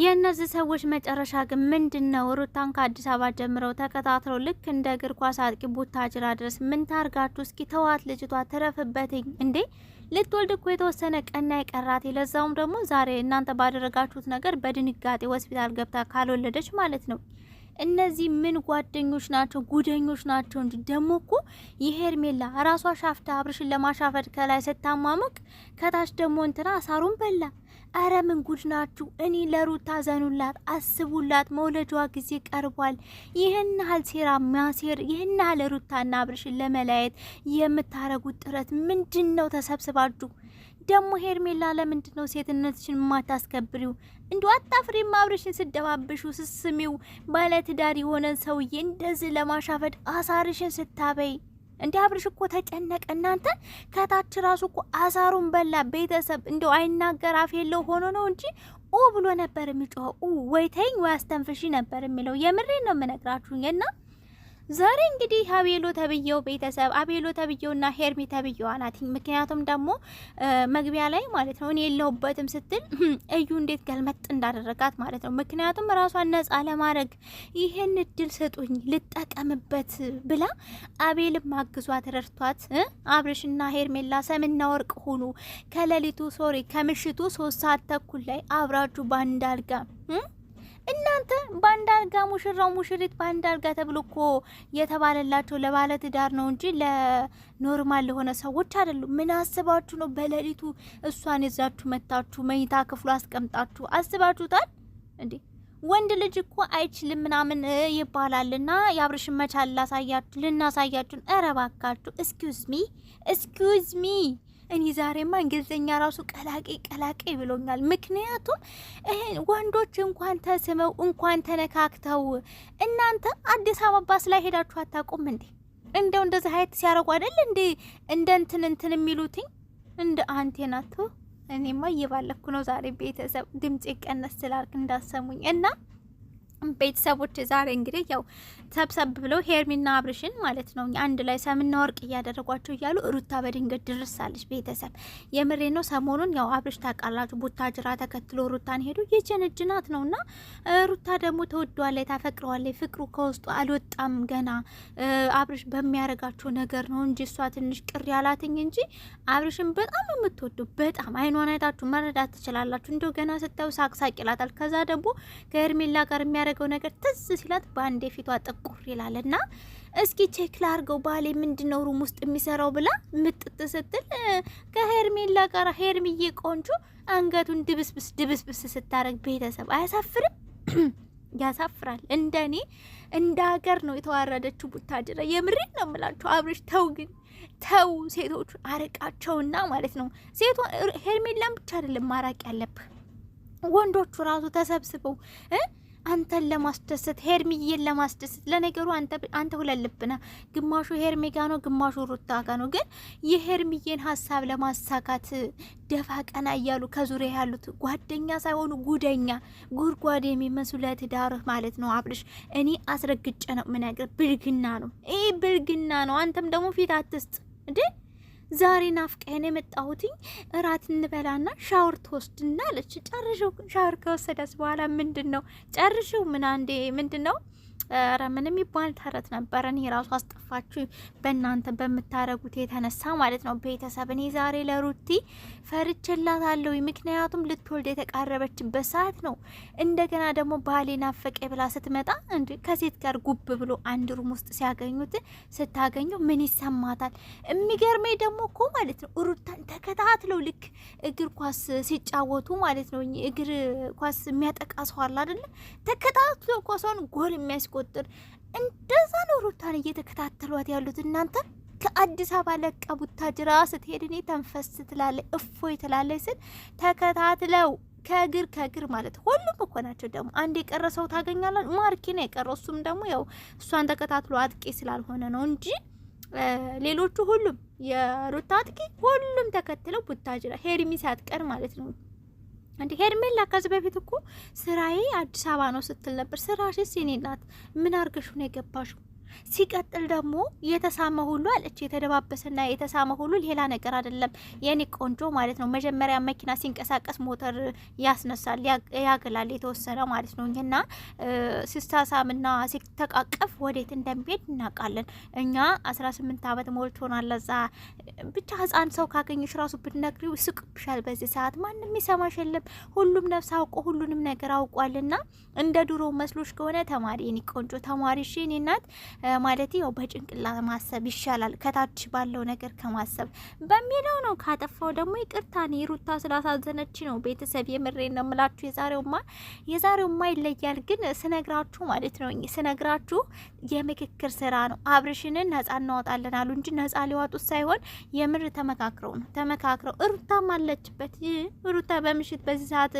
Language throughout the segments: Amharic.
የእነዚህ ሰዎች መጨረሻ ግን ምንድን ነው? ሩታን ከአዲስ አበባ ጀምረው ተከታትለው ልክ እንደ እግር ኳስ አጥቂ ቡታጅራ ድረስ ምን ታርጋችሁ? እስኪ ተዋት ልጅቷ ትረፍበትኝ እንዴ! ልትወልድ እኮ የተወሰነ ቀና የቀራት ለዛውም ደግሞ ዛሬ እናንተ ባደረጋችሁት ነገር በድንጋጤ ሆስፒታል ገብታ ካልወለደች ማለት ነው። እነዚህ ምን ጓደኞች ናቸው? ጉደኞች ናቸው እንጂ ደግሞ እኮ የሄርሜላ ራሷ ሻፍታ አብርሽን ለማሻፈድ ከላይ ስታማሙቅ ከታች ደግሞ እንትና አሳሩን በላ። አረ ምን ጉድ ናችሁ! እኔ ለሩታ ዘኑላት፣ አስቡላት። መውለጃዋ ጊዜ ቀርቧል። ይህን ያህል ሴራ ማሴር፣ ይህን ያህል ሩታና አብርሽን ለመለያየት የምታረጉት ጥረት ምንድን ነው? ተሰብስባችሁ ደግሞ ሄርሜላ ለምንድን ነው ሴትነትሽን ማታስከብሪው? እንዲሁ አታፍሪም? አብርሽን ስደባብሹ ስስሚው ባለትዳር የሆነን ሰውዬ እንደዚህ ለማሻፈድ አሳርሽን ስታበይ እንዲ አብርሽ እኮ ተጨነቀ። እናንተ ከታች ራሱ እኮ አሳሩን በላ። ቤተሰብ እንደው አይናገር አፍ የለው ሆኖ ነው እንጂ ኦ ብሎ ነበር የሚጮኸው። ወይ ተይኝ ወይ አስተንፍሺ ነበር የሚለው። የምሬ ነው የምነግራችሁኝ እና ዛሬ እንግዲህ አቤሎ ተብዬው ቤተሰብ አቤሎ ተብዬውና ሄርሚ ተብዬዋ ናት። ምክንያቱም ደግሞ መግቢያ ላይ ማለት ነው እኔ የለሁበትም ስትል እዩ እንዴት ገልመጥ እንዳደረጋት ማለት ነው። ምክንያቱም ራሷን ነጻ ለማድረግ ይሄን እድል ስጡኝ ልጠቀምበት ብላ አቤልም አግዟት ረድቷት፣ አብርሽና ሄርሜላ ሰምና ወርቅ ሁኑ ከሌሊቱ ሶሪ ከምሽቱ ሶስት ሰዓት ተኩል ላይ አብራጁ ባንዳልጋ እናንተ በአንድ አልጋ ሙሽራው ሙሽሪት በአንድ አልጋ ተብሎ እኮ የተባለላቸው ለባለ ትዳር ነው እንጂ ለኖርማል ለሆነ ሰዎች አይደሉም። ምን አስባችሁ ነው በሌሊቱ እሷን ይዛችሁ መታችሁ መኝታ ክፍሉ አስቀምጣችሁ አስባችሁታል እንዴ? ወንድ ልጅ እኮ አይችልም ምናምን ይባላልና የአብርሽን መቻል ላሳያችሁ ልናሳያችሁን። እረ ባካችሁ፣ እስኪዩዝ ሚ እስኪዩዝ ሚ እኔ ዛሬማ እንግሊዝኛ ራሱ ቀላቂ ቀላቂ ብሎኛል። ምክንያቱም ይሄን ወንዶች እንኳን ተስመው እንኳን ተነካክተው እናንተ አዲስ አበባ ስላይ ሄዳችሁ አታውቁም እንዴ? እንደው እንደዚህ ሀይት ሲያረጉ አይደል እንዴ እንደ እንትን እንትን የሚሉትኝ እንደ አንቴናቶ እኔማ እየባለኩ ነው ዛሬ ቤተሰብ ድምጽ ቀነስ ስላልክ እንዳሰሙኝ እና ቤተሰቦች ዛሬ እንግዲህ ያው ሰብሰብ ብለው ሄርሚና አብርሽን ማለት ነው አንድ ላይ ሰምና ወርቅ እያደረጓቸው እያሉ ሩታ በድንገት ድርሳለች። ቤተሰብ የምሬ ነው። ሰሞኑን ያው አብርሽ ታውቃላችሁ ጅራ ተከትሎ ሩታን ሄዱ የጀነጅናት ነው እና ሩታ ደግሞ ተወዷለች፣ ታፈቅረዋለች። ፍቅሩ ከውስጡ አልወጣም ገና። አብርሽ በሚያደርጋቸው ነገር ነው እንጂ እሷ ትንሽ ቅር ያላትኝ እንጂ አብርሽን በጣም የምትወዱ በጣም አይኗን አይታችሁ መረዳት ትችላላችሁ። እንደው ገና ስታዩ ሳቅሳቅ ይላታል። ከዛ ደግሞ ከሄርሜላ ጋር የሚያደርግ ያደረገው ነገር ትዝ ሲላት በአንዴ ፊቷ ጥቁር ይላል ና እስኪ ቼክ ላርገው ባሌ ምንድን ነው ሩም ውስጥ የሚሰራው ብላ ምጥጥ ስትል ከሄርሜላ ጋር ሄርሚዬ ቆንጆ አንገቱን ድብስብስ ድብስብስ ስታደረግ ቤተሰብ አያሳፍርም? ያሳፍራል። እንደ እኔ እንደ ሀገር ነው የተዋረደችው ቡታጅራ። የምሬት ነው የምላችሁ። አብርሽ ተው ግን ተው፣ ሴቶቹ አርቃቸውና ማለት ነው። ሴቶ ሄርሜላን ብቻ አይደለም ማራቅ ያለብህ ወንዶቹ ራሱ ተሰብስበው አንተን ለማስደሰት ሄርሚዬን ለማስደሰት። ለነገሩ አንተ ሁለት ልብ ነህ። ግማሹ ሄርሜ ጋ ነው፣ ግማሹ ሩታ ጋ ነው። ግን የሄርሚዬን ሀሳብ ለማሳካት ደፋ ቀና እያሉ ከዙሪያ ያሉት ጓደኛ ሳይሆኑ ጉደኛ ጉድጓድ የሚመስሉ ለትዳርህ ማለት ነው። አብርሽ እኔ አስረግጬ ነው የምነግርህ፣ ብልግና ነው ይህ፣ ብልግና ነው። አንተም ደግሞ ፊት አትስጥ እንዴ ዛሬ ናፍቀን የመጣሁትኝ እራት እንበላና ሻወር ትወስድና አለች። ጨርሽው ሻወር ከወሰዳስ በኋላ ምንድን ነው ጨርሽው ምን አንዴ ምንድን ነው ረ ምን የሚባል ተረት ነበረ። እኔ ራሱ አስጠፋችሁ በእናንተ በምታረጉት የተነሳ ማለት ነው። ቤተሰብ እኔ ዛሬ ለሩቲ ፈርቼላታለሁ። ምክንያቱም ልትወልድ የተቃረበችበት ሰዓት ነው። እንደገና ደግሞ ባሌ ናፈቀ ብላ ስትመጣ እንዲ ከሴት ጋር ጉብ ብሎ አንድ ሩም ውስጥ ሲያገኙት ስታገኘው ምን ይሰማታል? የሚገርመኝ ደግሞ እኮ ማለት ነው ሩታን ተከታትለው ልክ እግር ኳስ ሲጫወቱ ማለት ነው እግር ኳስ የሚያጠቃ ሰዋል አይደለ? ተከታትለው ኳሷን ጎል የሚያስ የሚያስቆጥር እንደዛ ነው ሩታን እየተከታተሏት ያሉት እናንተ ከአዲስ አበባ ለቃ ቡታጅራ ስትሄድ እኔ ተንፈስ ትላለች፣ እፎይ ትላለች ስል ተከታትለው ከእግር ከእግር ማለት ሁሉም እኮ ናቸው። ደግሞ አንድ የቀረ ሰው ታገኛለን። ማርኪ ነው የቀረው። እሱም ደግሞ ያው እሷን ተከታትሎ አጥቂ ስላልሆነ ነው እንጂ ሌሎቹ ሁሉም የሩታ አጥቂ ሁሉም ተከትለው ቡታጅራ ሄርሚስ አጥቀን ማለት ነው። እንዴ ሄርሜላ ከዚህ በፊት እኮ ስራዬ አዲስ አበባ ነው ስትል ነበር። ስራሽስ የኔ ናት። ምን አርገሽ ነው የገባሽው? ሲቀጥል ደግሞ የተሳመ ሁሉ አለች። የተደባበሰና የተሳመ ሁሉ ሌላ ነገር አይደለም የኔ ቆንጆ ማለት ነው። መጀመሪያ መኪና ሲንቀሳቀስ ሞተር ያስነሳል፣ ያገላል የተወሰነ ማለት ነው። እኛና ሲሳሳምና ሲተቃቀፍ ወዴት እንደሚሄድ እናውቃለን። እኛ አስራ ስምንት አመት ሞልቶናል። ለዛ ብቻ ህጻን ሰው ካገኘሽ ራሱ ብትነግሪው ይስቅብሻል። በዚህ ሰዓት ማንም ይሰማሽ የለም። ሁሉም ነፍስ አውቆ ሁሉንም ነገር አውቋልና እንደ ድሮ መስሎሽ ከሆነ ተማሪ የኔ ቆንጆ ተማሪ እሺ እናት ማለት ያው በጭንቅላ ማሰብ ይሻላል ከታች ባለው ነገር ከማሰብ በሚለው ነው። ካጠፋው ደግሞ ይቅርታ ነው። ሩታ ስላሳዘነች ነው። ቤተሰብ የምሬ ነው የምላችሁ። የዛሬውማ የዛሬውማ ይለያል፣ ግን ስነግራችሁ ማለት ነው ስነግራችሁ የምክክር ስራ ነው። አብርሽንን ነጻ እናወጣለን አሉ እንጂ ነጻ ሊዋጡት ሳይሆን የምር ተመካክረው ነው ተመካክረው። ሩታም አለችበት። ሩታ በምሽት በዚህ ሰዓት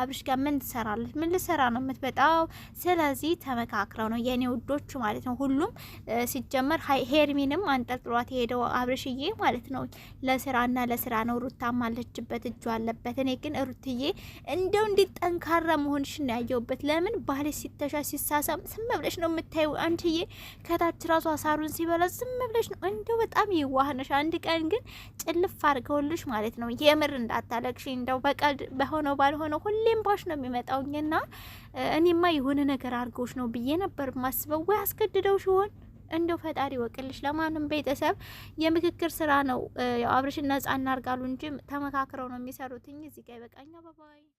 አብርሽ ጋር ምን ትሰራለች? ምን ልሰራ ነው የምትበጣው? ስለዚህ ተመካክረው ነው የእኔ ውዶች ማለት ነው ሁሉም ምክንያቱም ሲጀመር ሄርሚንም አንጠልጥሏት የሄደው አብርሽዬ ማለት ነው። ለስራና ለስራ ነው። ሩታም አለችበት፣ እጁ አለበት። እኔ ግን ሩትዬ እንደው እንዴት ጠንካራ መሆንሽን ያየውበት። ለምን ባልሽ ሲተሻ ሲሳሳም ዝም ብለሽ ነው የምታዩ። አንቺዬ ከታች ራሱ አሳሩን ሲበላ ዝም ብለሽ ነው። እንደው በጣም ይዋህነሽ። አንድ ቀን ግን ጭልፍ አድርገውልሽ ማለት ነው። የምር እንዳታለቅሽ። እንደው በቀልድ በሆነው ባልሆነው ሁሌም ባሽ ነው የሚመጣውኝና እኔማ የሆነ ነገር አድርገውሽ ነው ብዬ ነበር ማስበው፣ ወይ አስገድደው ሲሆን እንደው ፈጣሪ ወቅልሽ። ለማንም ቤተሰብ የምክክር ስራ ነው። ያው አብርሽን ነጻ እናርጋሉ እንጂ ተመካክረው ነው የሚሰሩትኝ። እዚህ ጋ ይበቃኛ። ባባይ